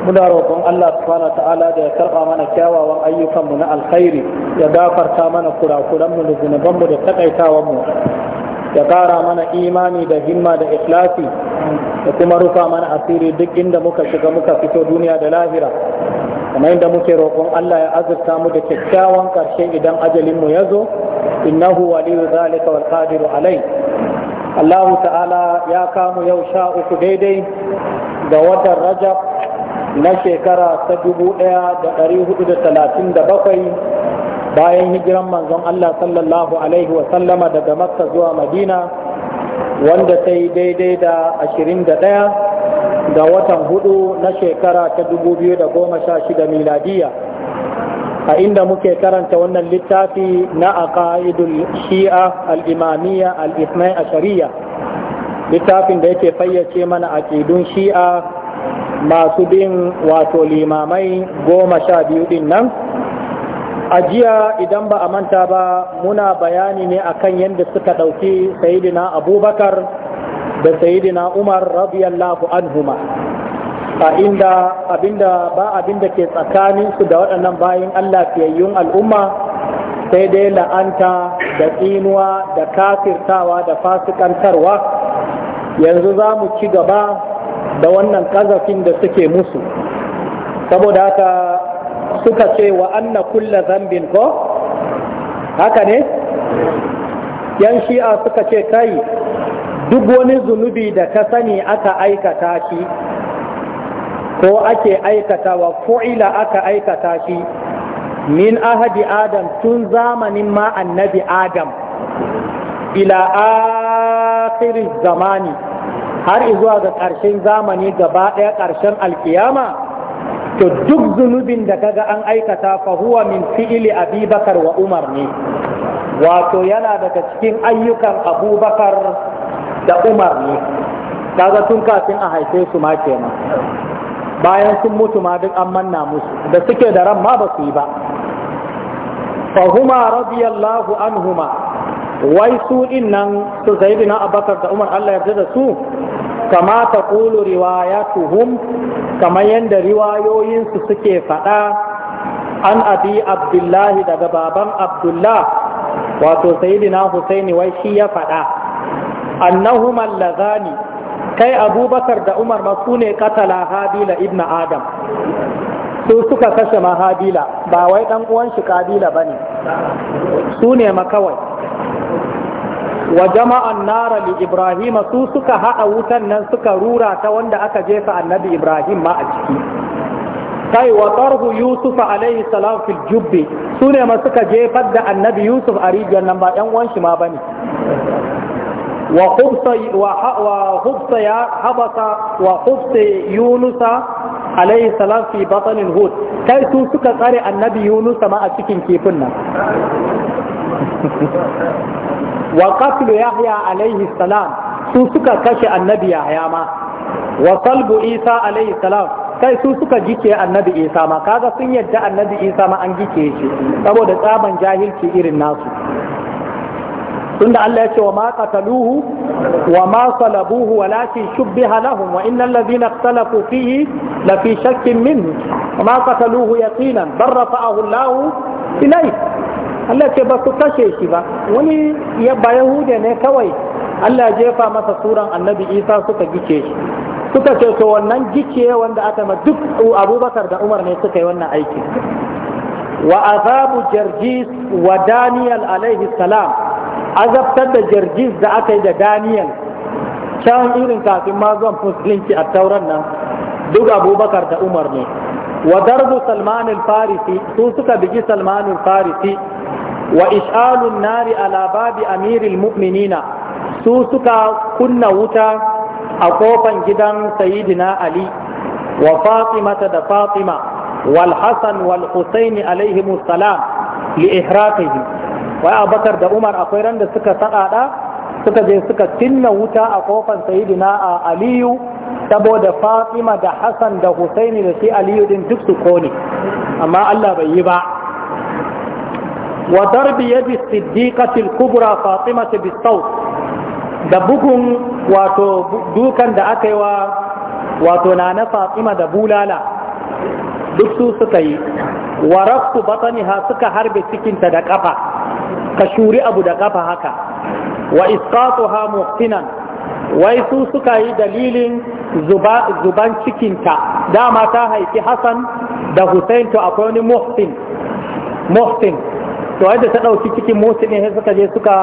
muna roƙon Allah subhanahu ta'ala da ya karɓa mana kyawawan ayyukanmu na alkhairi ya gafarta mana kurakuranmu da zunubanmu da takaitawanmu ya ƙara mana imani da himma da ikhlasi da kuma rufa mana asiri duk inda muka shiga muka fito duniya da lahira kamar inda muke roƙon Allah ya azurta mu da kyakkyawan ƙarshe idan ajalinmu ya zo innahu waliyu zalika wal qadiru alai Allah ta'ala ya kamu yau sha uku daidai ga watan Rajab na shekara ta dubu ɗaya da ɗari hudu da talatin da bakwai bayan hijiran manzon Allah sallallahu alaihi wa sallama daga Makka zuwa Madina wanda ta yi daidai da ashirin da ɗaya ga watan hudu na shekara ta dubu biyu da goma sha shida miladiya a inda muke karanta wannan littafi na aqaidul shi'a al-imamiyya a shari'a. littafin da yake fayyace mana aqidun shi'a masu bin wato limamai goma sha biyu din nan a jiya idan ba a manta ba muna bayani ne akan yadda suka ɗauki sayidina abubakar da sayidina umar radiyallahu anhuma a inda abinda ba abinda ke tsakanin su da waɗannan bayan allah fiyayyun al'umma sai dai la'anta da tsinuwa da kafirtawa da fasikantarwa yanzu za mu ci gaba da wannan kazafin da suke musu saboda haka suka ce wa anna kulla zambin ko haka ne yan shi'a suka ce kai duk wani zunubi da ka sani aka aikata shi ko ake aikatawa fu'ila aka aikata shi min ahadi adam tun zamanin ma annabi adam ila akhirin zamani har zuwa ga ƙarshen zamani gaba ɗaya ƙarshen alkiyama to duk zunubin da kaga an aikata fa huwa min fi'ili abubakar wa umar ne wato yana daga cikin ayyukan abubakar da umar ne kaga tun kafin a haife su ma kenan bayan sun mutu ma duk an manna musu da suke da ran ma ba su yi ba fahuma radiyallahu anhuma wai su din nan su zaidina Abubakar da umar allah yarda da su kama ta ƙulu riwayatuhum kamar yadda riwayoyinsu suke faɗa an abi abdullahi daga baban abdullah wato sayidina husaini wai shi ya faɗa annahuma lazani kai abubakar da umar ma ne katala habila ibn adam su suka kashe ma ba wai ɗan uwan shi kabila ba ne su ne ma kawai wa jama'an nara li Ibrahim su suka haɗa wutan nan suka rura ta wanda aka jefa annabi Ibrahim ma a ciki kai wa tarhu Yusuf alaihi salam fil jubbi su ne ma suka jefar da annabi Yusuf a rijiyar nan ba ɗan uwan shi ma bane wa hubsa wa hubsa ya habasa wa hubsa Yunusa alaihi salam fi batanin hud kai su suka tsare annabi Yunusa ma a cikin kifin nan wa qatlu yahya alaihi salam su suka kashe annabi yahya ma wa salbu isa alaihi kai su suka gike annabi isa ma kaga sun yadda annabi isa ma an gike shi saboda tsaban jahilci irin nasu tunda Allah ya ce wa ma qataluhu wa ma salabuhu walakin shubbiha lahum wa innal ladhina ikhtalafu fihi la fi shakkin minhu wa ma qataluhu yaqinan bal rafa'ahu Allah ilayhi Allah ce ba su kashe shi ba wani ya ba yahuda ne kawai Allah jefa masa suran annabi isa suka gice shi suka ce to wannan gice wanda aka ma duk abubakar da umar ne suka yi wannan aiki wa azabu jarjis wa daniel alaihi salam azabtar da jarjis da aka yi da daniel can irin kafin ma zuwan musulunci a tauran nan duk abubakar da umar ne wa darbu salmanin farisi su suka bigi salmanin farisi wa is'alun nari alababi babi amiril su suka kunna wuta a kofan gidan sayidina ali wa fatimata da fatima wal hasan wal husaini alaihimu salam li ihraqihi wa abakar da umar akwai ran da suka sadada suka je suka cinna wuta a kofan sayidina aliyu saboda fatima da Hassan da husaini da shi aliyu ɗin duk su kone amma allah bai yi ba وضرب يد الصديقة الكبرى فاطمة بالصوت da bugun wato dukan da aka yi wato na na fatima da bulala duk su suka yi wa rafku bataniha suka harbe cikinta da kafa ka shuri abu da ƙafa haka wa isqatuha muhtinan wai su suka yi dalilin zuban cikinta dama ta haifi Hassan da Hussein to akwai wani muhtin to da ta ɗauki cikin motsi ne sai suka je suka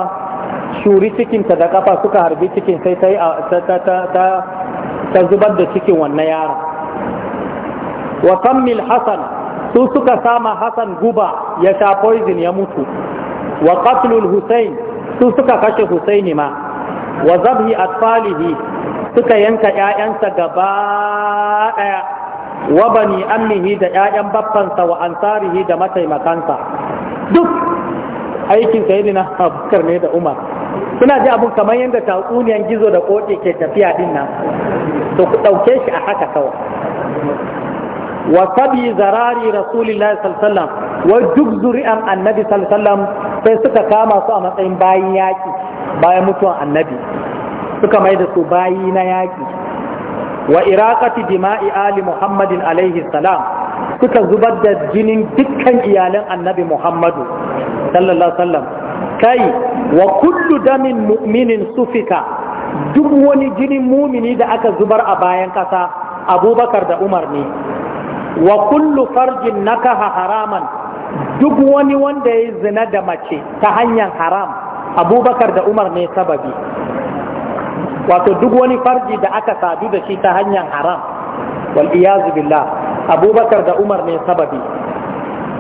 shuri cikinta da kafa suka harbi cikin sai ta zubar da cikin wannan yara wa kammil hasan su suka sama hasan guba ya sha poison ya mutu wa qatlul husain su suka kashe hussaini ma wa zabhi atfalihi suka yanka ‘ya'yansa gaba ɗaya wa bani da ‘ya'yan baffansa wa ansarihi da mataimakansa aikin na abubakar ne da umar suna ji abun kamar yadda tatsuniyar gizo da koke ke tafiya din nan to ku ɗauke shi a haka kawai wa sabi zarari rasulillahi sallallahu wai duk zuri'an annabi sallallahu sai suka kama su a matsayin bayin yaƙi bayan mutuwan annabi suka mai da su bayi na yaƙi wa iraqati dima'i ali muhammadin alaihi salam suka zubar da jinin dukkan iyalan annabi Muhammadu sallallahu sallam kai wa kullu damin mu'minin sufika duk wani jinin mumini da aka zubar a bayan kasa abubakar da umar ne wa kullu farjin nakaha haraman duk wani wanda ya zina da mace ta hanyar haram abubakar da umar ne sababi wato duk wani farji da aka sadu da shi ta hanyar haram wal billah abubakar da umar ne sababi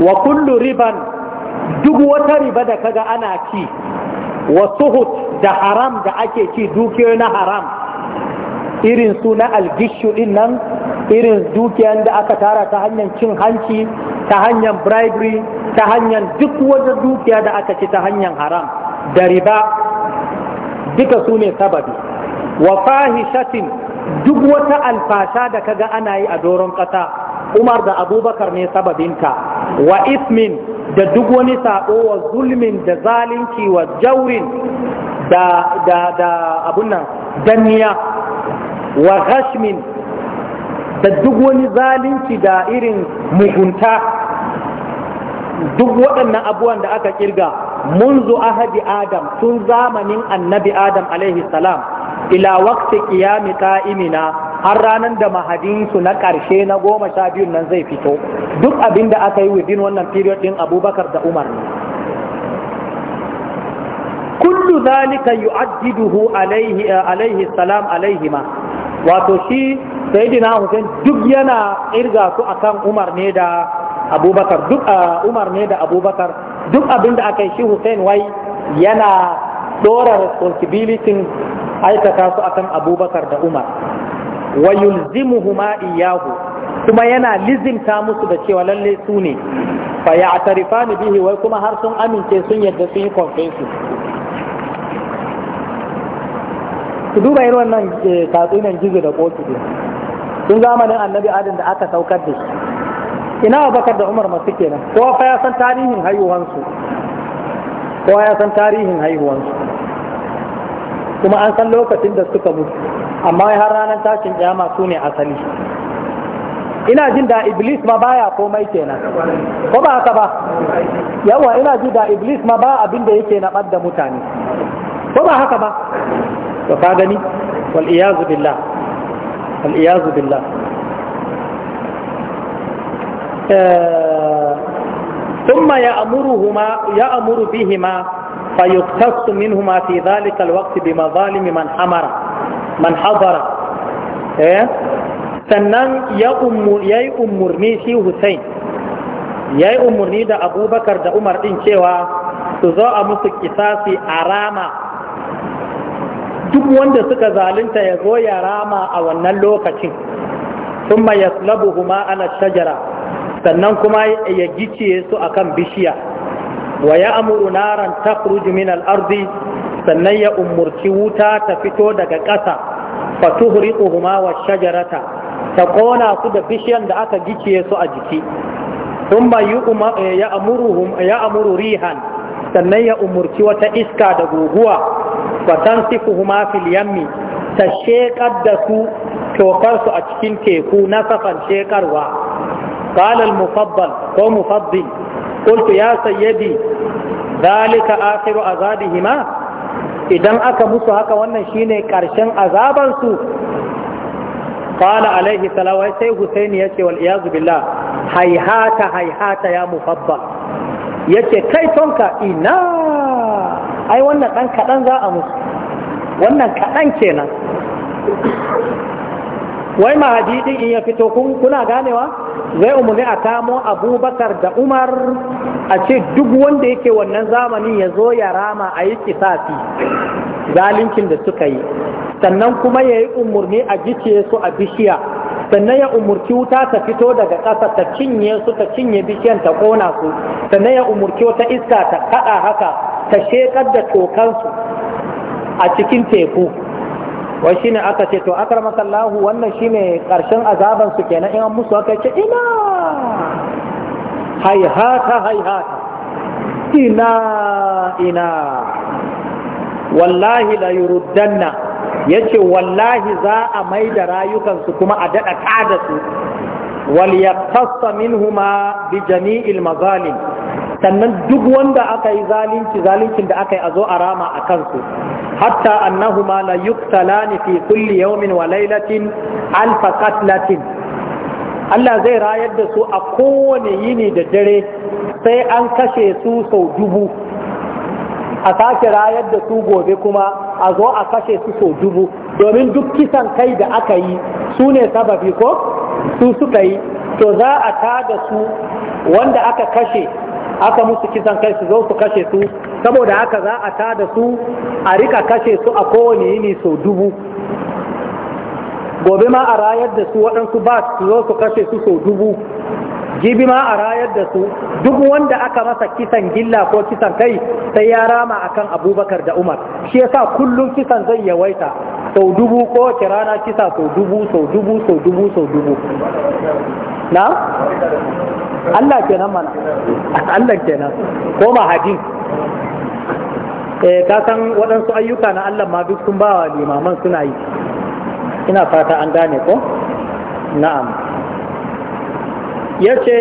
wa kullu riban duk wata riba da kaga ana ci wa suhut da haram da ake ci dukiyoyi na haram irin su na algishu din nan irin dukiyan da aka tara ta hanyar cin hanci ta hanyar bribery ta hanyar duk wata dukiya da aka ci ta hanyar haram da riba duka su ne sababi wa fahishatin duk wata alfasha da kaga ana yi a doron ƙasa umar da abubakar ne sababinta wa ismin da duk wani saɓo wa zulmin da zalunci wa jaurin da da da abun nan danniya wa gashmin da duk wani zalunci da irin mugunta duk waɗannan abubuwan da aka kirga munzu ahadi adam tun zamanin annabi adam alaihi salam ila waqti qiyami qa'imina har ranar da mahadinsu na ƙarshe na goma sha biyun nan zai fito duk abin da aka yi within wannan period ɗin abubakar da umar ne kullu zalika yu'addiduhu alaihi alaihi salam alaihi ma. wato shi sayyidina Hussein duk yana irga su akan umar ne da abubakar duk umar ne da abubakar duk abin da aka yi shi Hussein wai yana dora responsibility aikata su akan abubakar da umar wa yulzimuhuma iyahu kuma yana lizimta musu da cewa lalle su ne fa ya'tarifani bihi wai kuma har sun amince sun yadda sun yi confession ku duba irin wannan eh, tatsunan gizo da kotu ne Sun zamanin annabi adam da aka saukar da shi ina abakar da umar masu kenan kowa fa ya san tarihin haihuwansu kowa ya san tarihin haihuwansu kuma an san lokacin da suka mutu amma har ranar tashin kiyama su ne asali ina jin da iblis ma baya komai kenan ko ba haka ba yawa ina jin da iblis ma ba abin da yake na da mutane ko ba haka ba to ka gani wal iyazu billah wal iyazu billah ثم يأمرهما يأمر بهما فيقتص منهما في ذلك الوقت بمظالم من حمر man hazara eh? sannan ya yi umurni shi Hussein ya yi umurni da abubakar da umar din cewa su zo a musu kisasi a rama duk wanda suka zalunta ya zo ya rama a wannan lokacin sun ma yaslabuhuma ala shajara sannan kuma ya gice su akan bishiya wa ya amuru naran ta min al-ardi sannan ya umurci wuta ta fito daga ƙasa fa tuhriquhuma wa shajarata ta kona su da bishiyan da aka gice su a jiki thumma eh, ya'muruhum ya'muru rihan sannan ya umurci wata iska da guguwa fa tansifuhuma fil yammi ta shekar da su tokar su a cikin teku na safan shekarwa قال المفضل هو مفضل قلت يا سيدي ذلك آخر hima? idan aka musu haka wannan shine karshen azabansu qala alaihi salawai sai husaini yace wal iyazu billah haihata haihata ya mufabba yace kai tonka ina ai wannan dan kadan za a musu wannan kadan kenan wai mahadi din in ya fito kuna ganewa zai umarni a tamo abubakar da umar a ce duk wanda yake wannan zamanin ya zo ya rama a yi kisafi zalincin da suka yi sannan kuma ya yi umarni a gice su a bishiya sannan ya umarci wuta ta fito daga ƙasa ta cinye su ta cinye bishiyan ta ƙona su sannan ya umarci wata iska ta kaɗa haka ta shekar da tokansu a cikin teku wai shine aka ce to akramakallahu wannan shine karshen azaban su kenan in an musu aka ce ina haihata haihata ina ina wallahi la yuruddanna yace wallahi za a mai da rayukansu kuma a daɗa kada su wal min huma bi jami'il mazalim sannan duk wanda aka yi zalunci zaluncin da aka yi a zo a rama a kansu hatta annahuma la yuktalani fi kulli yawmin wa laylatin alf qatlatin Allah zai rayar da su a kowane yini da dare sai an kashe su sau dubu a sake rayar da su gobe kuma a zo a kashe su sau dubu domin duk kisan kai da aka yi su ne sababi ko su suka yi to za a tada su wanda aka kashe aka musu kisan kai su zo su kashe su saboda haka za a ta da su a rika kashe su a kowane yini sau dubu gobe ma a rayar da su waɗansu ba su zo su kashe su sau dubu jibi ma a rayar da su duk wanda aka masa kisan gilla ko kisan kai sai ya rama akan abubakar da umar shi ya sa kullum kisan zai yawaita sau dubu ko kirana kisa sau dubu sau dubu sau dubu sau dubu na Allah kenan mana Allah kenan ko mahadin eh ka san waɗansu ayyuka na Allah ma duk sun bawa limaman suna yi ina fata an gane ko na'am ya ce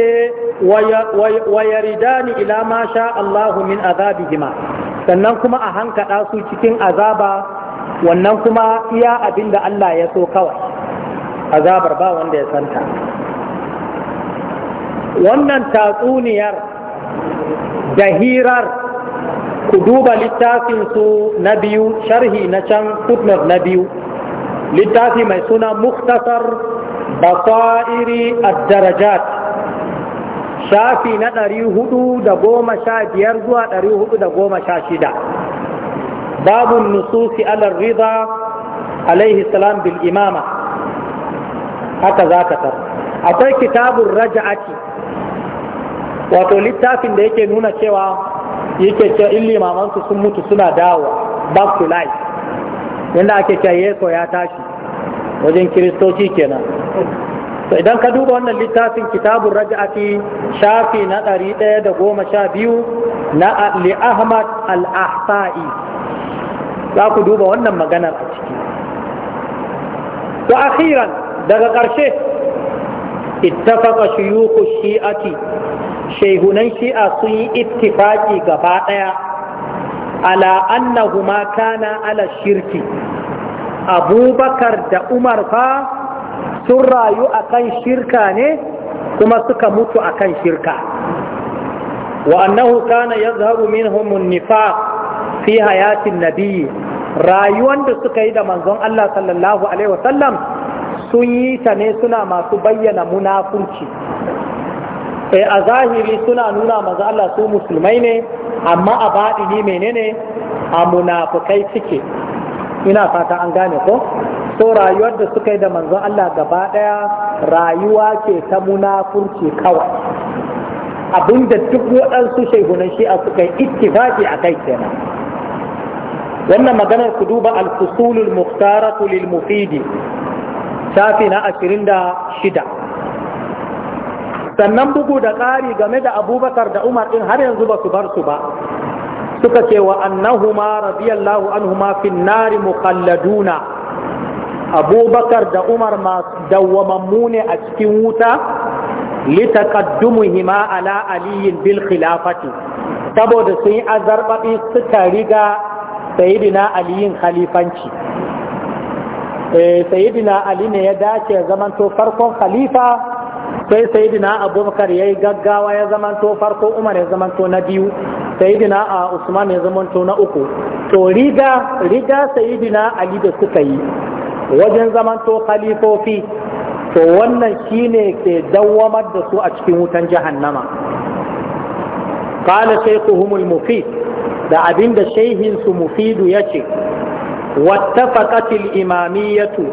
wayaridani ila ma sha Allahu min azabihima sannan kuma a hankaɗa su cikin azaba wannan kuma iya abin da Allah ya so kawai azabar ba wanda ya santa wannan tatsuniyar da hirar ku duba littafinsu na biyu sharhi na can footnote na biyu littafi mai suna muktasar basa'iri ad-darajat shafi na ɗari hudu da goma sha biyar zuwa ɗari hudu da goma sha shida babu nususi alar rida alaihi salam bil imama haka za ka tar akwai kitabun raja'ati wato littafin da yake nuna cewa yake ce in limamansu sun mutu suna dawo back to life yadda ake cewa yeso ya tashi wajen kiristoci kenan to idan ka duba wannan littafin kitabun raj'ati shafi na ɗari ɗaya da goma sha biyu na li ahmad al-ahsa'i za ku duba wannan maganar a ciki wa akhiran daga ƙarshe ittafaqa shuyukhu shi'ati shehunan shi'a sun yi ittifaki gaba ɗaya ala annahuma kana ala shirki abubakar da umar fa sun rayu akan shirka ne kuma suka mutu akan shirka wa annahu kana yazharu minhum an-nifaq fi hayatin nabiyyi rayuwan da suka yi da manzon Allah sallallahu alaihi wasallam sun yi ta ne suna masu bayyana munafunci. e a zahiri suna nuna maza Allah su musulmai ne amma a baɗini menene a munafukai suke ina fata an gane ko so rayuwar da suka yi da manzon Allah gaba ɗaya rayuwa ke ta munafurci kawai abinda duk waɗansu shaihunan shi'a suka yi ittifaki a kai kenan wannan maganar ku duba al-fusulul muhtaratu lil mufidi shafi na ashirin da shida sannan bugu da ƙari game da abubakar da umar ɗin har yanzu ba su bar su ba suka ce wa annahuma radiyallahu anhuma fin nari muqalladuna abubakar da umar masu dawwamammu ne a cikin wuta hima ala aliyin bil khilafati saboda sun yi azarbabi suka riga sayidina aliyin khalifanci eh, sayidina ali ne ya dace ya zamanto farkon khalifa sai sayidina abubakar ya yi gaggawa ya zamanto farko umar ya zamanto na biyu sayidina a usman ya zamanto na uku to riga riga sayidina ali da suka yi wajen zamanto khalifofi to wannan shine ke dawwamar da su a cikin wutan jahannama qala shaykhuhum mufid da abinda shaihin su mufidu yace wattafaqat al-imamiyyatu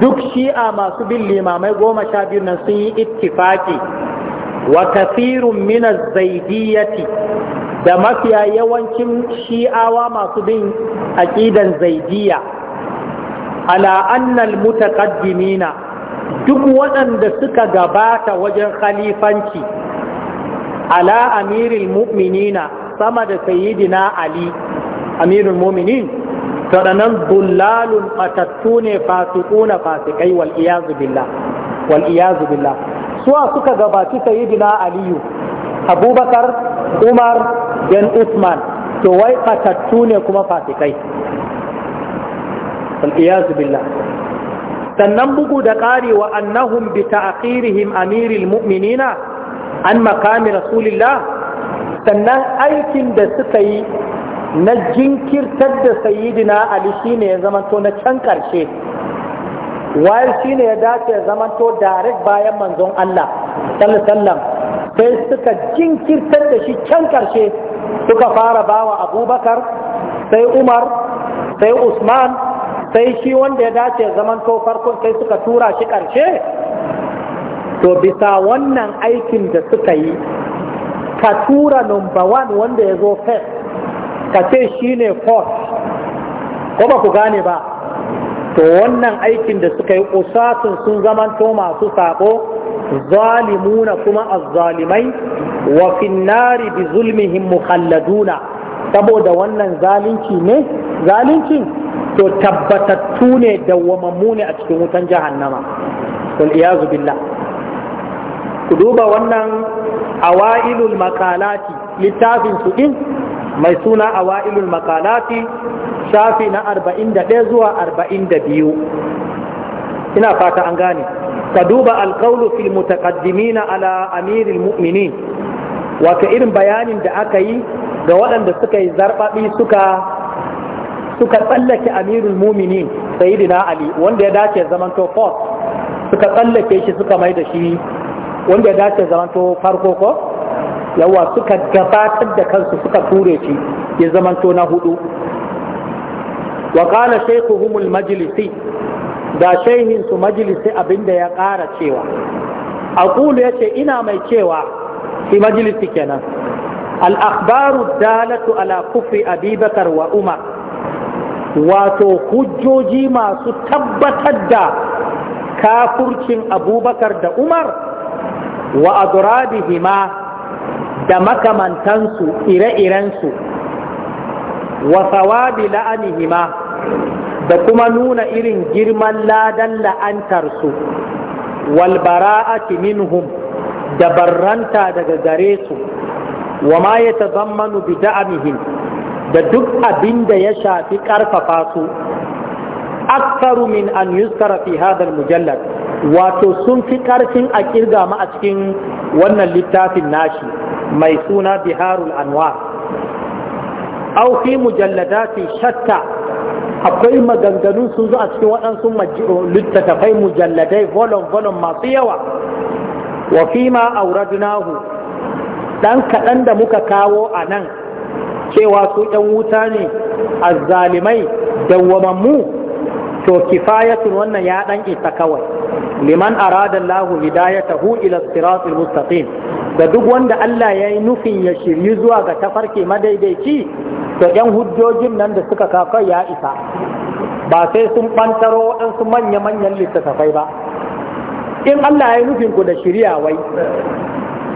duk shi'a masu bin limamai goma sha biyu nan sun yi ittifaki wa kafirun min zaidiyyati da mafiya yawancin shi'awa masu bin aqidan zaidiyya ala annal mutaqaddimina duk waɗanda suka gabata wajen khalifanci ala amiril mu'minina sama da sayyidina ali amirul mu'minin saɗanan dullalun matattu ne fasikuna fasikai wal iyazu billah wal iyazu billah suwa suka gabaci sayyidina aliyu abubakar umar dan usman to wai matattu ne kuma fasikai sannan bugu da ƙari wa annahum bi ta'qirihim amiril mu'minina an makami rasulillah sannan aikin da suka yi na jinkirtar da sayidina ali shine ya zamanto na can ƙarshe wayar shine ya dace ya zamanto direct bayan manzon Allah sallallahu sai suka jinkirtar da shi can ƙarshe suka fara bawa abubakar sai umar sai usman sai shi wanda ya dace zaman to farkon sai suka tura shi ƙarshe to bisa wannan aikin da suka yi ka tura number one wanda ya zo fes ka ce shi ne fos ko ba ku gane ba to wannan aikin da suka yi usatun sun zaman to masu sabo zalimuna kuma azzalimai wa finnari bi zulmihim mukhalladuna saboda wannan zalunci ne zalincin to tabbatattu ne dawwamammu ne a cikin wutan jahannama wal iyazu billah ku duba wannan awailul makalati littafin su din mai suna awailul makalati shafi na 41 zuwa 42 ina fata an gane ka duba alkaulu fil mutaqaddimina ala amiril mu'minin wato irin bayanin da aka yi ga waɗanda suka yi zarɓaɓi suka suka tsallake amirul muminin sayyidina ali wanda ya dace zaman to fourth suka tsallake shi suka mai da shi wanda ya dace zaman to farko ko yawa suka gabatar da kansu suka ture shi ya zaman to na hudu wa qala shaykhuhum majlisi da shaihin su majlisi abinda ya ƙara cewa aqulu yace ina mai cewa fi majlisi kenan al akhbaru dalatu ala kufri abubakar wa umar wato hujjoji masu tabbatar da kafurcin abubakar da umar wa adurabihima da makamantansu ire-irensu wa sawabi la'anihima da kuma nuna irin girman ladan la'antarsu walbara'ati minhum da barranta daga gare su wa ma ya tazammanu bi da'amihim da duk abin da ya shafi ƙarfafa su aksaru min an yuskara fi hadal mujallad wato sun fi ƙarfin a kirga mu a cikin wannan littafin nashi mai suna biharul anwar au fi mujalladati shatta akwai maganganun sun zo a cikin waɗansu littattafai mujalladai volon volon masu yawa wa fi ma auradnahu dan kaɗan da muka kawo a nan cewa su ɗan wuta ne a zalimai dawwamammu to kifayatun wannan ya ɗan isa kawai liman arada Allah hidayatahu ila siratul mustaqim da duk wanda Allah ya yi nufin ya shirye zuwa ga tafarki madaidaici to ɗan hujjojin nan da suka kafa ya isa ba sai sun ɓantaro waɗansu manya-manyan littattafai ba in Allah ya yi nufin ku da shirya wai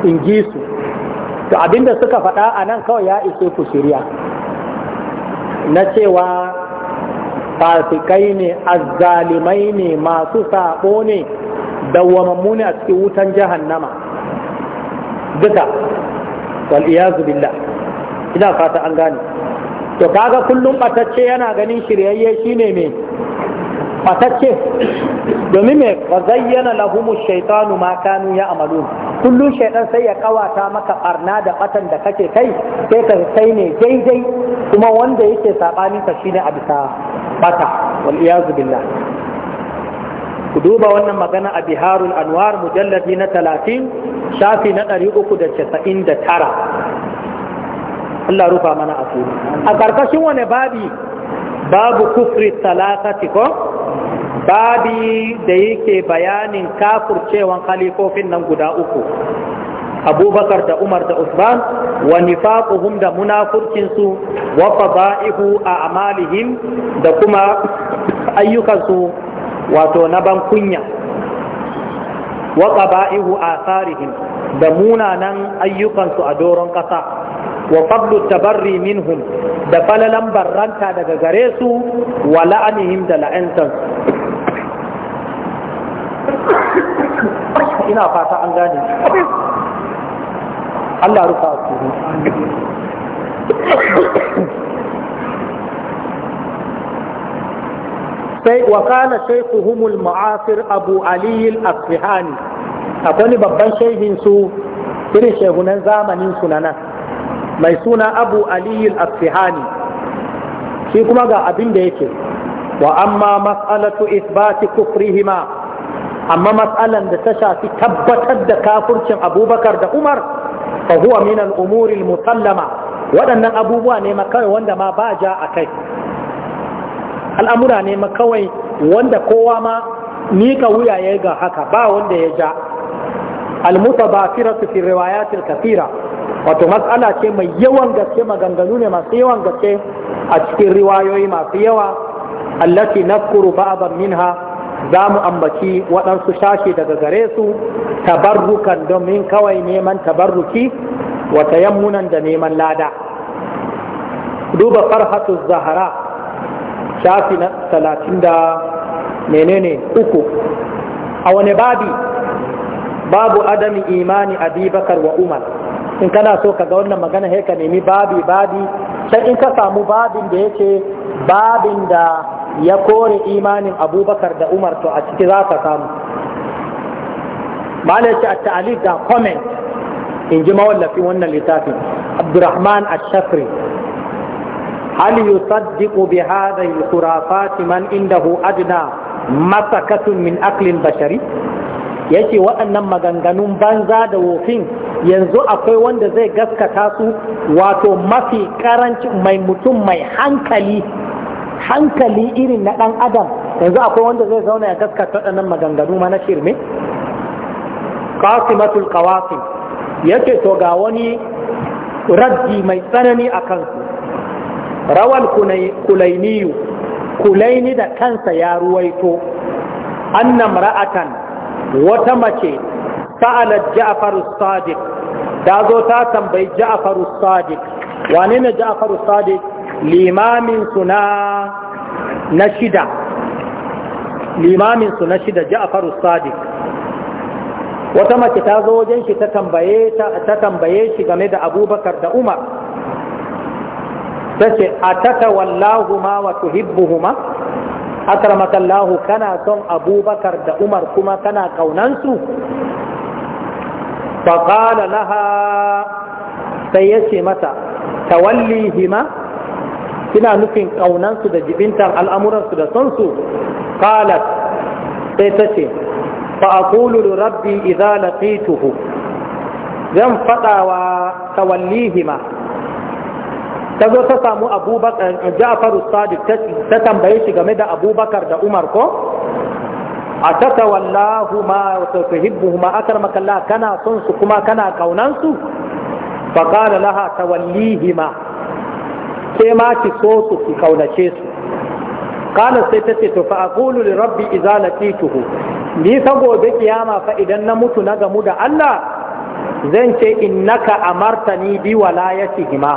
in ji su to abinda suka faɗa a nan kawai ya iso ku shirya na cewa fasikai ne azzalimai ne masu saɓo ne dawwamammu ne a cikin wutan jahannama duka wal'iyazu billah ina fata an gane to kaga kullum batacce yana ganin shiryayye shine mai batacce, domin mai wa zayyana lahumu shaitanu ma kanu ya amalu kullum shaidan sai ya kawata maka barna da batan da kake kai sai ka sai ne daidai kuma wanda yake sabanin ka shine a bisa bata wal iyazu billah ku duba wannan magana a biharul anwar mujalladi na 30 shafi na 399 Allah rufa mana asiri a karkashin wani babi babu kufri talakati ko babi da yake bayanin kafurcewan khalifofin nan guda uku abubakar da umar da usman wa nifaquhum da munafurcinsu wa fada'ihu a amalihim da kuma ayyukansu wato na ban kunya wa qaba'ihu atharihim da munanan ayyukansu a doron ƙasa wa fadlu tabarri minhum da falalan barranta daga gare su wa la'anihim da la'antansu ina fata an gane Allah rufa su sai wakana shaikuhumul ma'asir abu aliyil asfihani akwai babban shaihinsu irin shehunan zamanin nan, mai suna abu al asfihani shi kuma ga abin da yake wa amma mas'alatu isbati kufrihima amma matsalan da ta shafi tabbatar da kafurcin abubakar da umar fa huwa min al-umuri al-musallama waɗannan abubuwa ne makawai wanda ma ba ja a kai al'amura ne makawai wanda kowa ma nika wuya ya ga haka ba wanda ya ja al su fi riwayatil kathira wato matsala ce mai yawan gaske maganganu ne masu yawan gaske a cikin riwayoyi masu yawa allati nakuru ba'dan minha za mu ambaci waɗansu shashi daga gare su tabarrukan domin kawai neman tabarruki wata yammunan da neman lada duba farhatu zahara shafi na talatin da menene uku a wani babi babu adami imani abubakar wa umar in kana so ka ga wannan magana ka nemi babi babi sai in ka samu babin da yake babin da ya kore imanin abubakar da umar to a ciki za ka samu malaci a ta'alif da comment in ji mawallafin wannan littafin abdurrahman ashafri hal saddiku bi hadhihi inda man indahu masa masakatun min aklin bashari ce waɗannan maganganun banza da wofin yanzu akwai wanda zai gaskata su wato mafi karanci mai mutum mai hankali hankali irin na ɗan adam yanzu akwai wanda zai zauna ya gaskata waɗannan maganganu ma na shirme qasimatul qawasim yace to ga wani raddi mai tsanani a kansu rawal kulainiyu kulaini da kansa ya ruwaito annam ra'atan wata mace sa'alar ja'far sadiq ta zo ta tambayi ja'far sadiq wane ne ja'far sadiq limaminsu na shida limaminsu na shida ja'faru sadiq wata mace ta zo wajen shi ta tambaye shi game da abubakar da umar ta ce a taka wallahu ma wa tuhibbuhuma akramakallahu kana son abubakar da umar kuma kana kaunansu faƙala laha sai ya ce mata tawallihima kina nufin ƙaunansu da jibintan al'amuransu da sonsu qalat sai ta ce fa aqulu rabbi idza laqituhu zan fada wa tawallihima ta zo ta samu abubakar ja'far sadiq ta tambaye shi game da abubakar da umar ko a wallahu ma tuhibbuhu ma akramakallah kana sonsu kuma kana kaunan su fa laha tawallihima sai ma ki so su ki kaunace su kana sai ta ce to fa aqulu li rabbi idza laqituhu ni fa gobe kiyama fa idan na mutu na gamu da Allah zan ce innaka amartani bi walayatihima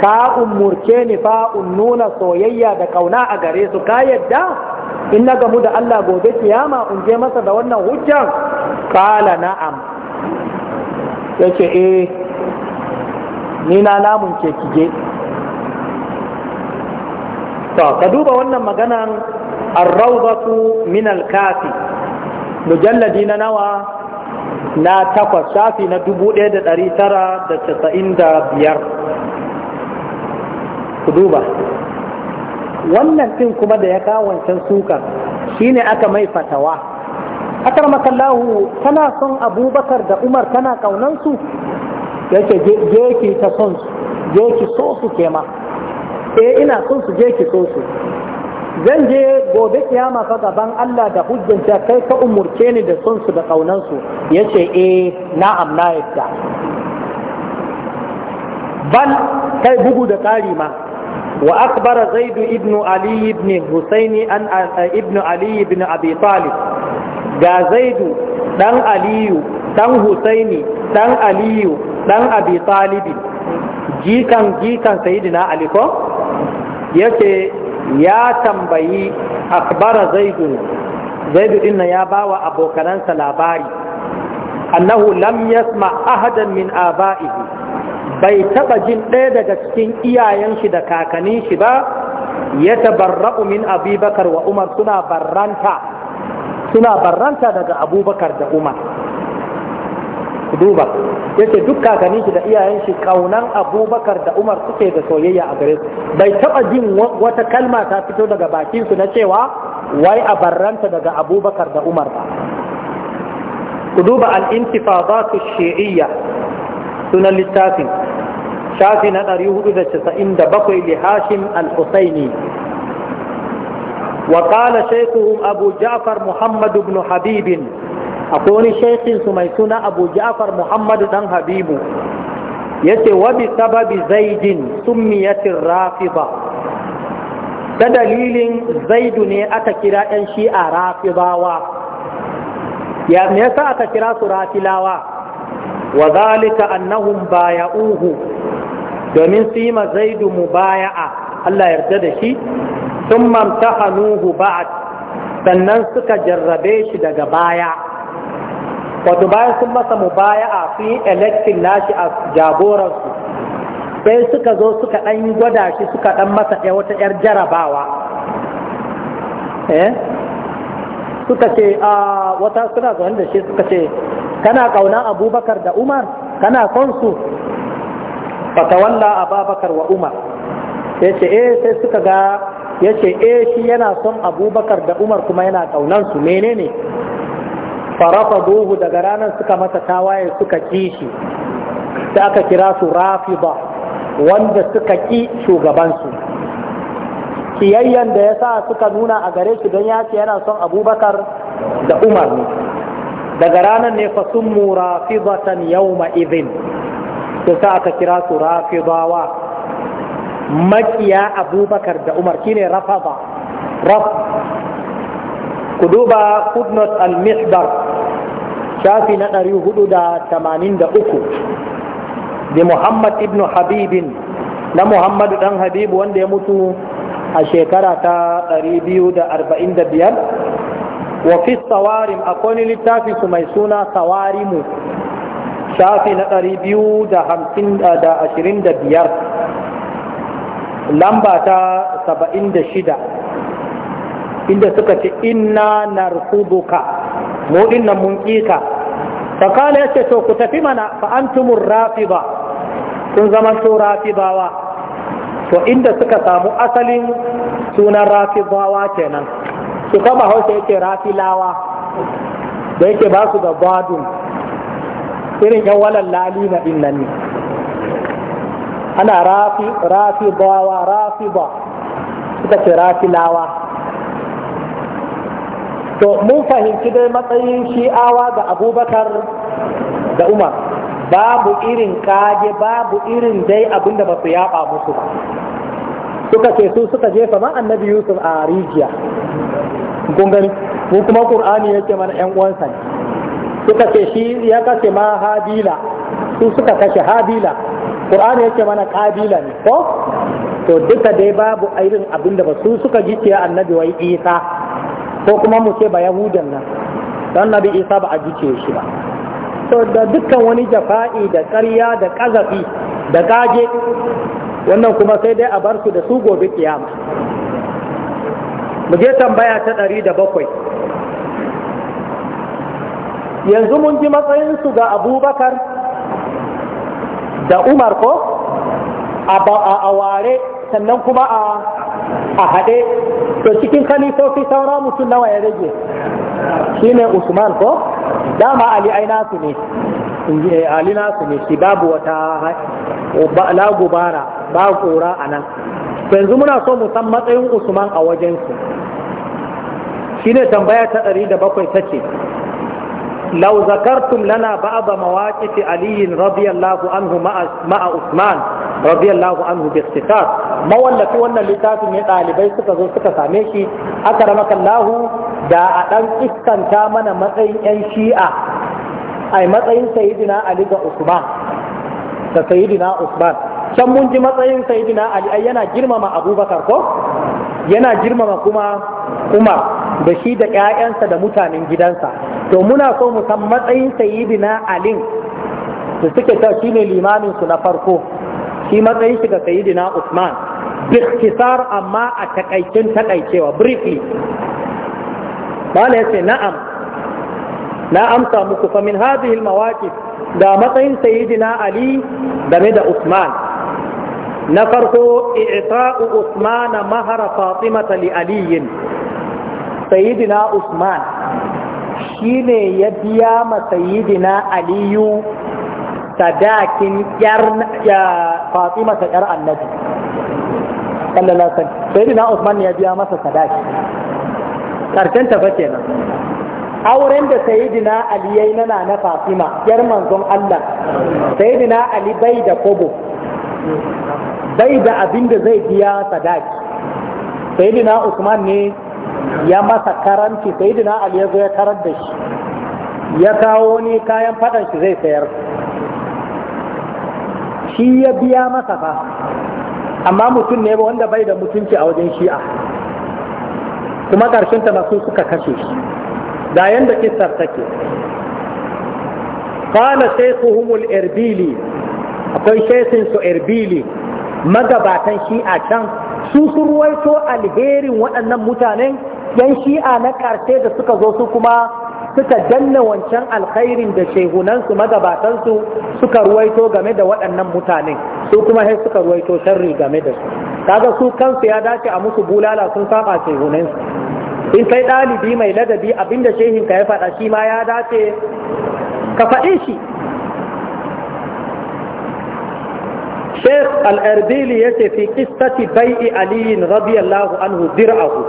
ka umurce ni fa un nuna soyayya da kauna a gare su ka yadda in na gamu da Allah gobe kiyama in je masa da wannan hujjan kala na'am yace eh ni na namun ke kije to ka duba wannan maganan ar-rawdatu min al-kafi mujalladi na nawa na takwas shafi na 1995 ku duba wannan din kuma da ya kawo wancan shi shine aka mai fatawa akar makallahu tana son abubakar da umar tana kaunansu yake je ta son su je ki so su ke ma eh ina son su je ki so su zan je gobe kiyama fa gaban Allah da hujjanta kai ka umurce ni da son su da kaunan su yace eh na'am na yadda bal kai bugu da kari ma wa akbara zaid ibn ali ibn husaini an eh, ibn ali ibn abi talib ga zaid dan aliyu dan husaini dan aliyu dan abi talib jikan jikan sayyidina ali ko yace ya tambayi akbara zaidu zaidu dinna ya bawa abokanansa labari annahu lam yasma ahadan min aba'ihi bai taba jin ɗaya daga cikin iyayen shi da kakannin shi ba ya tabarra'u min abubakar wa umar suna barranta suna barranta daga abubakar da umar ku duba yace duk kakanni shi da iyayen shi kaunan abubakar da umar suke da soyayya a gare su bai taba jin wata kalma ta fito daga bakin su na cewa wai a barranta daga abubakar da umar ba ku duba al-intifadatu shi'iyya sunan littafin shafi na 497 li hashim al-husaini وقال شيخهم أبو جعفر محمد بن حبيب akwai wani shaikhin su mai suna abu ja'far muhammadu dan habibu yace ce bi sababi zaidin summiyatir rafiba. Ta dalilin zaidu ne aka kira yan shi'a rafibawa. ya me yasa aka kira su rafilawa wa zalika annahum baya'uhu domin su yi ma baya a Allah yarda da shi sun mamta mamtahanuhu ba'ad, sannan suka jarrabe shi daga baya wato bayan sun masa mubaya'a sun yi electin nashi a jagoransu sai suka zo suka ɗan gwada shi suka ɗan masa ɗaya wata 'yar jarabawa eh? suka ce a ah, wata suna zaune da shi suka ce kana ƙauna abubakar da umar kana son su wanda abubakar wa umar ya ce eh sai suka ga ya ce eh shi yana son abubakar da umar kuma yana ƙaunansu menene farafa duhu daga ranar suka masa tawaye suka shi, sai aka kira su rafiba wanda suka ƙi shugabansu kiyayyen da ya sa suka nuna a gare shi don ya ce yana son abubakar da umar ne daga ranar ne fa sun mu rafidatan yawma idin sai sa aka kira su rafibawa. makiya abubakar da umar shine rafada raf ku duba footnote al-misdar shafi na ɗari hudu da tamanin da uku da muhammad ibn habibin na muhammadu ɗan habibu wanda ya mutu a shekara ta ɗari biyu da arba'in da biyar wa fi akwai littafi su mai suna tsawarimu shafi na ɗari biyu da hamsin da ashirin da biyar lamba ta saba'in da shida inda suka ce inna narfuduka mu dinnan mun kika fa kala yace to ku tafi mana fa antumur rafiba kun zaman to rafibawa, to inda suka samu asalin sunan rafibawa kenan su kama hausa yake rafilawa da yake ba su da badun irin yan walan lali na ne ana rafi rafiba bawa suka ce rafilawa. to mun fahimci dai matsayin shi'awa ga abubakar da umar babu irin kage babu irin dai abinda ba su yaba musu ba suka ce su suka jefa ma annabi yusuf a rijiya kun gani mu kuma qur'ani yake mana yan uwansa ne suka ce shi ya kashe ma habila su suka kashe habila qur'ani yake mana kabila ne ko to duka dai babu irin abinda ba su suka ji annabi wai isa ko kuma mu ce ba yahudan nan don nabi isa ba a gice shi ba to da dukkan wani jafa'i da ƙarya da ƙazafi da gaje wannan kuma sai dai a bar su da su gobe kiyama mu je tambaya ta ɗari da bakwai yanzu mun ji matsayinsu ga abubakar da umar ko a ware sannan kuma a a haɗe to cikin khalifofi saura mutum nawa ya rage Shi ne usman ko dama ali ai nasu ne eh, ali nasu ne shi babu wata la gubara ba kura a nan yanzu muna so mu san matsayin usman a wajensu ne tambaya ta ɗari da bakwai ta ce lau zakartum lana ba'da mawaƙiti aliyin radiyallahu anhu ma'a usman radiyallahu anhu bi ikhtisar mawallafi wannan littafin ne dalibai suka zo suka same shi akramakallahu da a dan iskanta mana matsayin yan shi'a ai matsayin sayyidina ali ga usman da sayyidina usman can mun ji matsayin sayyidina ali ai yana girmama abubakar ko yana girmama kuma umar da shi da ƴaƴansa da mutanen gidansa to muna so mu san matsayin sayyidina ali da suke ta shine limamin su na farko shi matsayin shiga ga sayyidina Usman bikhtisar amma a takaicin takaicewa briefly bala yace na'am na amsa muku fa min hadhihi al da matsayin sayyidina Ali game da Usman na farko i'ta'u Usman mahara Fatimata li Ali sayyidina Usman shine ya biya ma sayyidina Aliyu sadakin yar fatima ta ƴar annabi sallallahu alaihi wasallam sayyidina usman ya biya masa sadaki karshen ta fa nan, auren da sayyidina ali yayi nana na fatima ƴar manzon Allah sayyidina ali bai da kobo bai da abin da zai biya sadaki sayyidina usman ne ya masa karanci sayyidina ali ya zo ya karar da shi ya kawo ni kayan fadan shi zai sayar shi ya biya masa fa amma mutum ne wanda bai da mutunci a wajen shi'a kuma ƙarshen ta masu suka kashe shi da yanda kisar take qala shaykhuhum al-irbili akwai shaykhin su irbili magabatan shi'a can su su ruwaito alherin waɗannan mutanen yan shi'a na ƙarshe da suka zo su kuma suka danna wancan alkhairin da shehunansu magabatansu suka ruwaito game da waɗannan mutanen su kuma sai suka ruwaito sharri game da su kaga su kansu ya dace a musu bulala sun saba shehunansu in kai ɗalibi mai ladabi abinda shehin ka ya faɗa shi ma ya dace ka faɗe shi Sheikh Al-Ardili ya ce fi kistati bai'i Ali radiyallahu anhu dir'ahu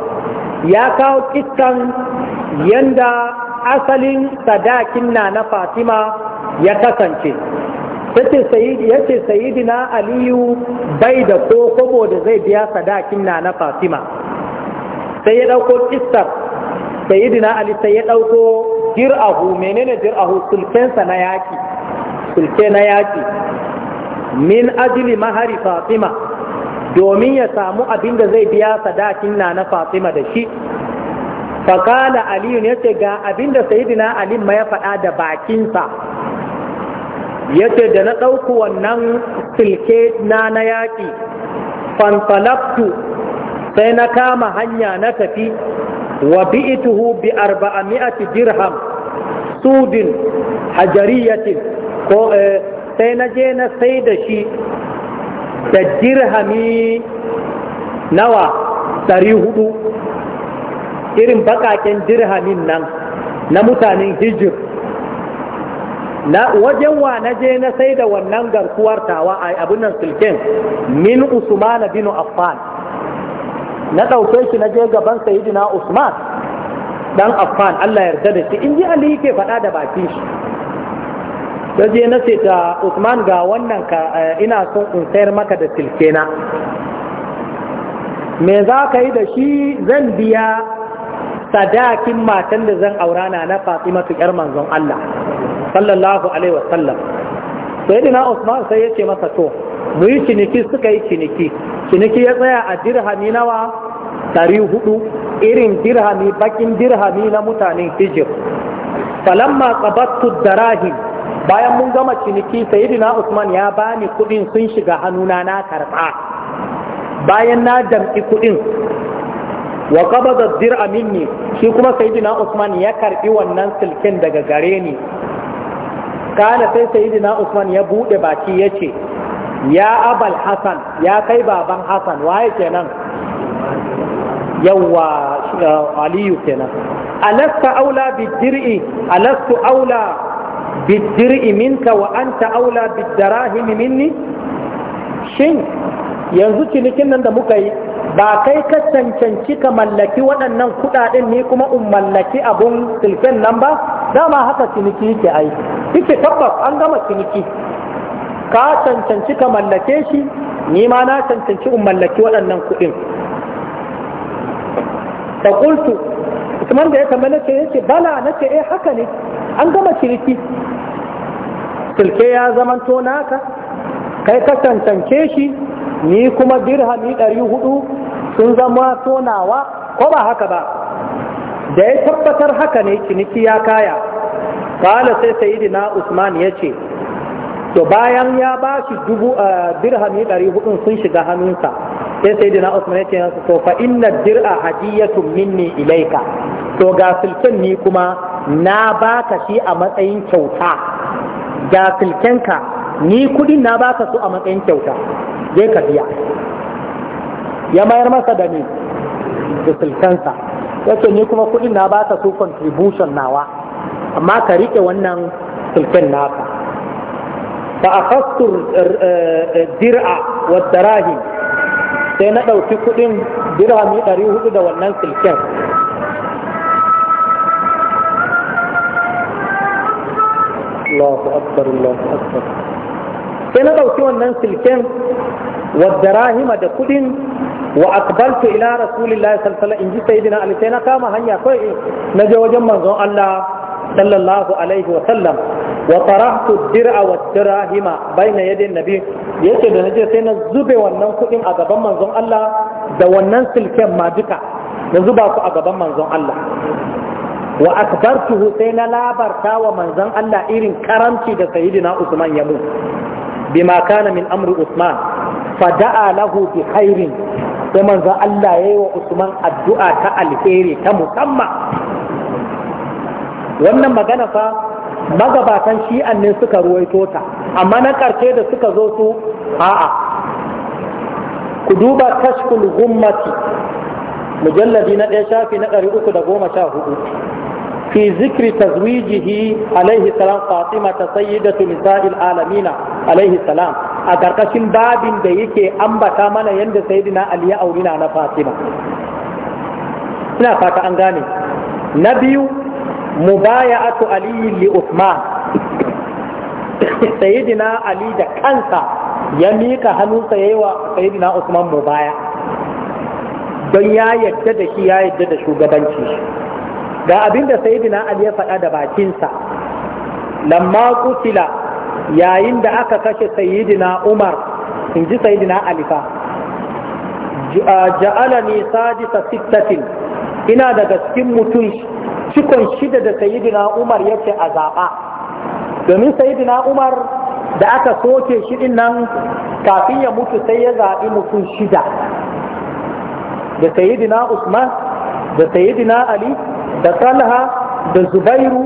ya kawo kistan yanda asalin sadakin na na fatima ya kasance yace sayidina aliyu bai da ko kobo da zai biya sadakin na na fatima sai ya ɗauko kistar sayidina ali sai ya ɗauko jir'ahu menene jir'ahu sulkensa na yaƙi sulke na yaƙi min ajili mahari fatima domin ya samu abin da zai biya sadakin na na fatima da shi faƙala aliyu ya ce ga abinda sayidina ali ma ya faɗa da bakinsa ya ce da na ɗauku wannan silke na na yaƙi fanfalaftu sai na kama hanya na tafi wa bi'ituhu bi arba'ami'ati dirham sudin hajariyatin ko eh, sai na je na sai da shi da dirhami nawa ɗari hudu irin bakaken dirhamin nan na mutanen hijir na wajen wa na je na sai da wannan garkuwar tawa a abin nan silken min usman bin affan na ɗauke shi na je gaban sayidina usman dan affan Allah yarda da shi in ji ali yake faɗa da bakin shi da je na ce ta usman ga wannan ka eh, ina son in sayar maka da silkena me za ka yi da shi zan biya sadakin matan da zan aura na na Fatimatu yar manzon Allah sallallahu alaihi wasallam sayyidina Usman sai yace masa to mu yi ciniki suka yi ciniki ciniki ya tsaya a dirhami nawa dari hudu irin dirhami bakin dirhami na mutanen hijir falamma da darahim bayan mun gama ciniki sayyidina Usman ya bani kudin sun shiga hannuna na karɓa. bayan na damki kuɗin. wa qabada dir'a minni shi kuma sayyidina Usman ya karbi wannan silkin daga gare ni kana sai sayyidina Usman ya bude baki yace ya abal hasan ya kai baban hasan waye kenan yawa uh, aliyu kenan alasta aula bidir'i alastu aula bidir'i minka wa anta aula bidarahimi minni shin yanzu cinikin nan da muka yi ba kai ka cancanci ka mallaki waɗannan kuɗaɗen ni kuma in mallaki abun silken nan ba dama haka ciniki yake ai yake tabbas an gama ciniki ka cancanci ka mallake shi ni ma na cancanci in mallaki waɗannan kuɗin da kultu usman da ya tambaya ce yace bala nace eh haka ne an gama ciniki silke ya zamanto naka kai ka cancance shi ni kuma dirhami ɗari hudu sun zama tonawa ko ba haka ba da ya tabbatar haka ne ciniki ya kaya kala sai sayidina usman ya ce to bayan ya ba shi dubu dirhami ɗari hudun sun shiga hannunsa sai sayidina usman ya ce to fa inna dir'a hadiyatun minni ilaika to ga silken ni kuma na baka shi a matsayin kyauta ga silkenka ni kudin na baka su a matsayin kyauta zai ka biya ya mayar masa da ne da silkansa yace ni kuma kudin na ba ta su contribution nawa amma ka rike wannan silken naka fa akhadtu eh, eh, eh, dir'a wa darahim sai na dauki kudin dirhami 400 da wannan silken sai na ɗauki wannan silken wa darahima da kudin wa aqbaltu ila rasulillahi sallallahu alaihi wasallam inji sayyidina ali sai na kama hanya kai na je wajen manzon Allah sallallahu alaihi wa sallam wa tarahtu dir'a wa dirahima baina yadin nabi yace da naje sai na zube wannan kudin a gaban manzon Allah da wannan silken ma duka na zuba ko a gaban manzon Allah wa akbartuhu sai na labarta wa manzon Allah irin karamci da sayyidina Usman ya mu bima kana min amri Usman fada'a lahu bi khairin sai manzon Allah ya yi wa Usman addu'a ta alheri ta musamman wannan magana fa magabatan shi'an ne suka ruwaito ta amma na ƙarshe da suka zo su a'a ku duba kashful gummati mujalladi na ɗaya shafi na ɗari uku da goma sha hudu في tazwijihi alaihi salam Fatima ta سيدة نساء Alamina alaihi salam. a ƙarƙashin babin da yake ambata mana yadda sayidina Ali ya auri na Fatima ina fata an gane na biyu mu baya mubaya'atu Ali li Usman, sayidina Ali da kansa ya mika hannunsa yi wa sayidina mu baya. don ya yadda da shi ya yadda da shugabanci ga abinda sayidina Ali ya faɗa da bakinsa lamma kutila yayin da aka kashe sayyidina umar in ji sayyidina alifa ja'alani sadisa sittatin ina daga cikin mutum cikon shida da sayyidina umar yace a zaɓa domin sayyidina umar da aka soke shi nan kafin ya mutu sai ya zaɓi mutum shida da sayyidina usman da sayyidina ali da talha da zubairu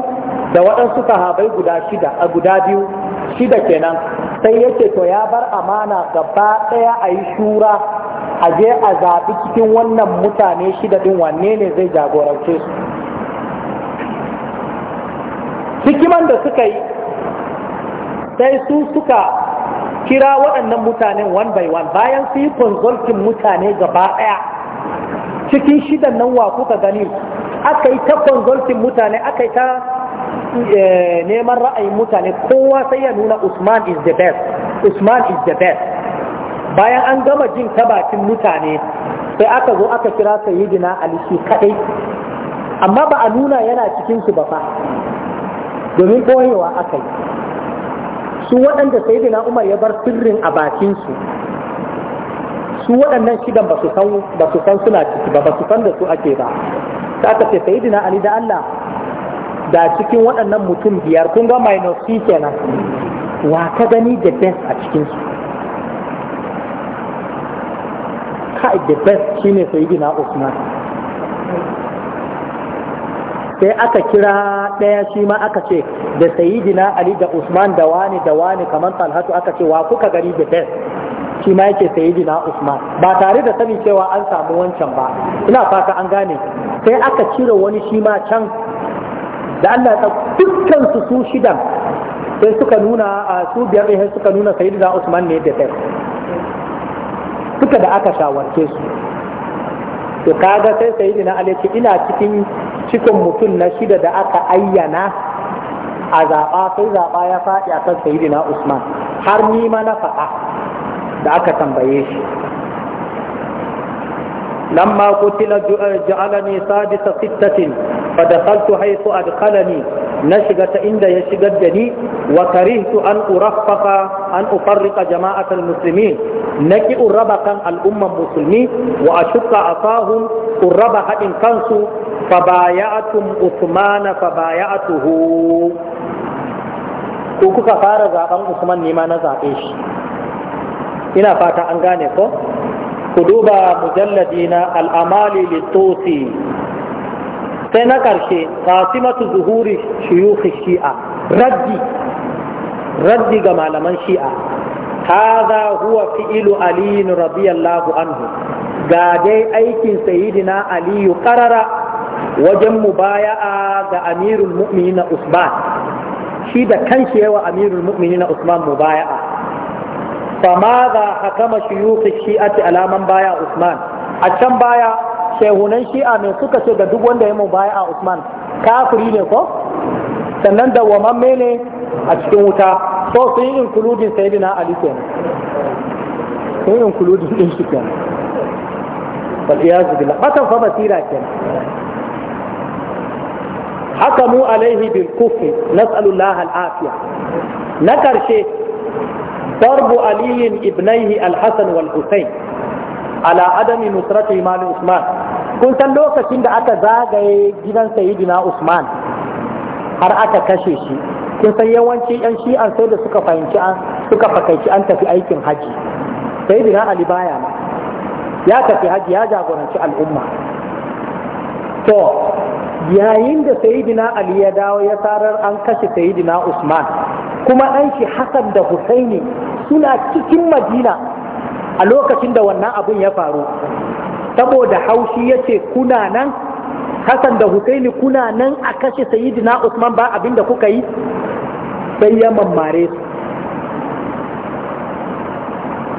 da waɗansu sahabai guda shida a guda biyu shida kenan sai yake to ya bar amana gaba daya a yi shura a je a zaɓi cikin wannan mutane shida din wanne ne zai jagorance su hikiman da suka yi sai su suka kira waɗannan mutanen one by one bayan su yi consulting mutane gaba daya cikin shidan nan wa kuka gani aka yi ta consulting mutane aka yi ta Eh, neman ra'ayin mutane kowa sai ya nuna Usman is the best Usman is the best bayan an gama jin ta bakin mutane sai aka zo aka kira sayyidina Ali shi kadai amma ba a nuna yana cikin su ba fa domin koyewa aka yi su waɗanda sayyidina Umar ya bar sirrin a bakin su su waɗannan shidan ba su san suna ciki ba ba su san da su ake ba ta aka ce sayyidina Ali da Allah da cikin waɗannan mutum biyar kun ga minus c kenan wa ka gani the best a cikin Ka kai the best shine sayyidina usman sai aka kira ɗaya shi ma aka ce da sayidina ali da usman da wani da wani kamar talhatu aka ce wa kuka gari da bes? shi ma yake sayidina usman ba tare da sanin cewa an samu wancan ba ina fata an gane sai aka cire wani shi ma can da Allah ya dukkan su su shidan sai suka nuna a su biyar sai suka nuna sayyidina Usman ne da sai duka da aka shawarce su to kaga sai sayyidina Ali ce ina cikin cikin mutum na shida da aka ayyana a zaɓa sai zaɓa ya faɗi a kan sayidina usman har ni ma na faɗa da aka tambaye shi لما قتل جعلني سادس ستة فدخلت حيث أدخلني نشقت عند يشقدني وكرهت أن أرفق أن أفرق جماعة المسلمين نكي أربقا الأمة المسلمين وأشق أصاهم أربها إن كنسوا فبايعتم عثمان فبايعته ko kuka fara zaben Usman ne ma na zaɓe shi ina fata an gane ko ku duba mujalladi na al'amali littosi sai na ƙarshe qasimatu zuhuri shuyukhi shi'a raddi raddi ga malaman shi'a hadha huwa fiilu ali radiyallahu anhu ga dai aikin sayidina Aliyu ƙarara wajen mubaya'a ga amirul mu'minin usman shi da kanshi yawa amirul mu'minin usman mubaya'a فماذا حكم شيوخ الشيعة على من بايع عثمان أتشم بايع shehunan shi'a mai suka ce ga duk wanda ya mu baya a Usman kafiri ne ko sannan ne a cikin wuta so sun yi inkuludin sayidina Ali kenan sun yi inkuludin din shi kenan fa iyazu billah hakan fa basira kenan hakamu alaihi bil kufri nas'alullah al afiya na karshe ضرب علي ابنيه الحسن والحسين على عدم نصرتهما لعثمان kun san lokacin da aka zagaye gidan sayidina Usman har aka kashe shi kun san yawanci yan an sai da suka fahimci an suka fakaici an tafi aikin haji sayidina Ali baya ya tafi haji ya jagoranci al'umma to yayin da Sayyidina Ali ya dawo ya tarar an kashe Sayyidina Usman kuma ɗan shi Hassan da Husaini suna cikin madina a lokacin da wannan abun ya faru saboda haushi ya ce kuna nan hassan da husaini kuna nan a kashe sayidina usman ba abin da kuka yi sai ya mammare su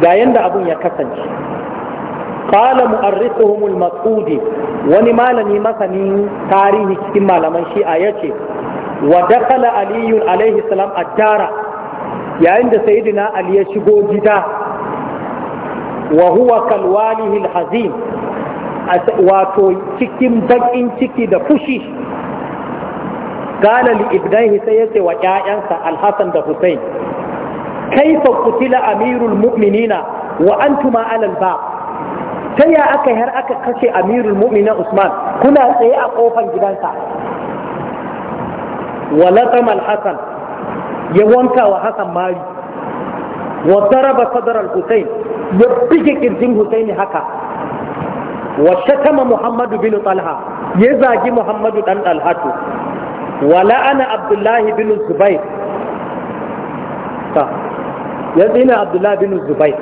ga yadda abun ya kasance Fala mu'arrisuhum al-mas'udi wani malami masanin tarihi cikin malaman shi'a yace wa dakala aliyu alaihi salam yayin da sayyidina ali ya shigo gida wa huwa kalwalihi alhazim wato cikin bakin ciki da fushi قال لابنيه سيسي وجاءنسى الحسن ده حسين كيف قتل امير المؤمنين وانتما على الباب تيا اكا هر اكا كشي امير المؤمنين عثمان كنا تيا قوفا جدانسا ولطم الحسن ya wanka wa Hassan mari wa daraba sadarar al ya bige kirjin husaini haka wa shatama muhammadu bin talha ya zagi muhammadu dan dalhatu wa la'ana abdullahi bin zubair ta ya dina abdullahi bin zubair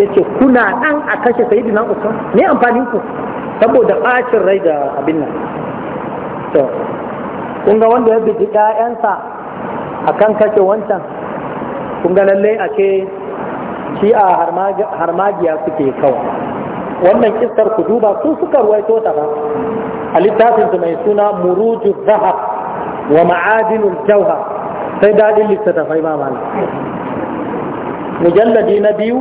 yace kuna dan a kashe sayyidina usman ne amfanin ku saboda bacin rai da abin nan to kun ga wanda ya bigi ƴaƴansa akan kashe wancan kun ga lallai a ce shi a harmagiya suke kawai wannan kistar ku duba su suka ruwaito ta ba a littafin su mai suna muruju zahab wa ma'adinul jauha sai daɗin littattafai ba mana mujalladi na biyu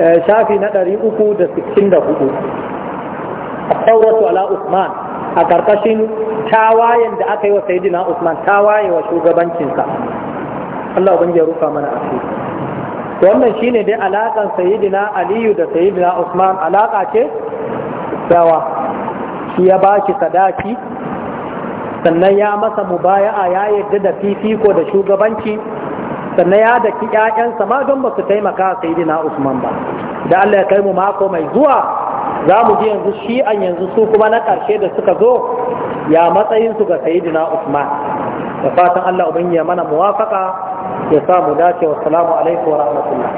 eh, shafi na ɗari uku da sittin da hudu a ala usman a ƙarƙashin tawayen da aka yi wa sayidina usman tawaye wa shugabancinsa Allah ubangiji ya rufa mana asiri wannan shine dai alakan sayidina aliyu da sayidina usman alaƙa ce dawa shi ya ba shi sadaki sannan ya masa mubaya'a ya yarda da fifiko da shugabanci sannan ya daki ƴaƴansa ma don ba su taimaka sayidina usman ba da Allah ya kai mu mako mai zuwa za mu ji yanzu shi an yanzu su kuma na ƙarshe da suka zo ya matsayin su ga Sayidina Usman da fatan Allah ubin ya mana muwafaka ya sa mu dace wa salamu alaikum wa rahmatullah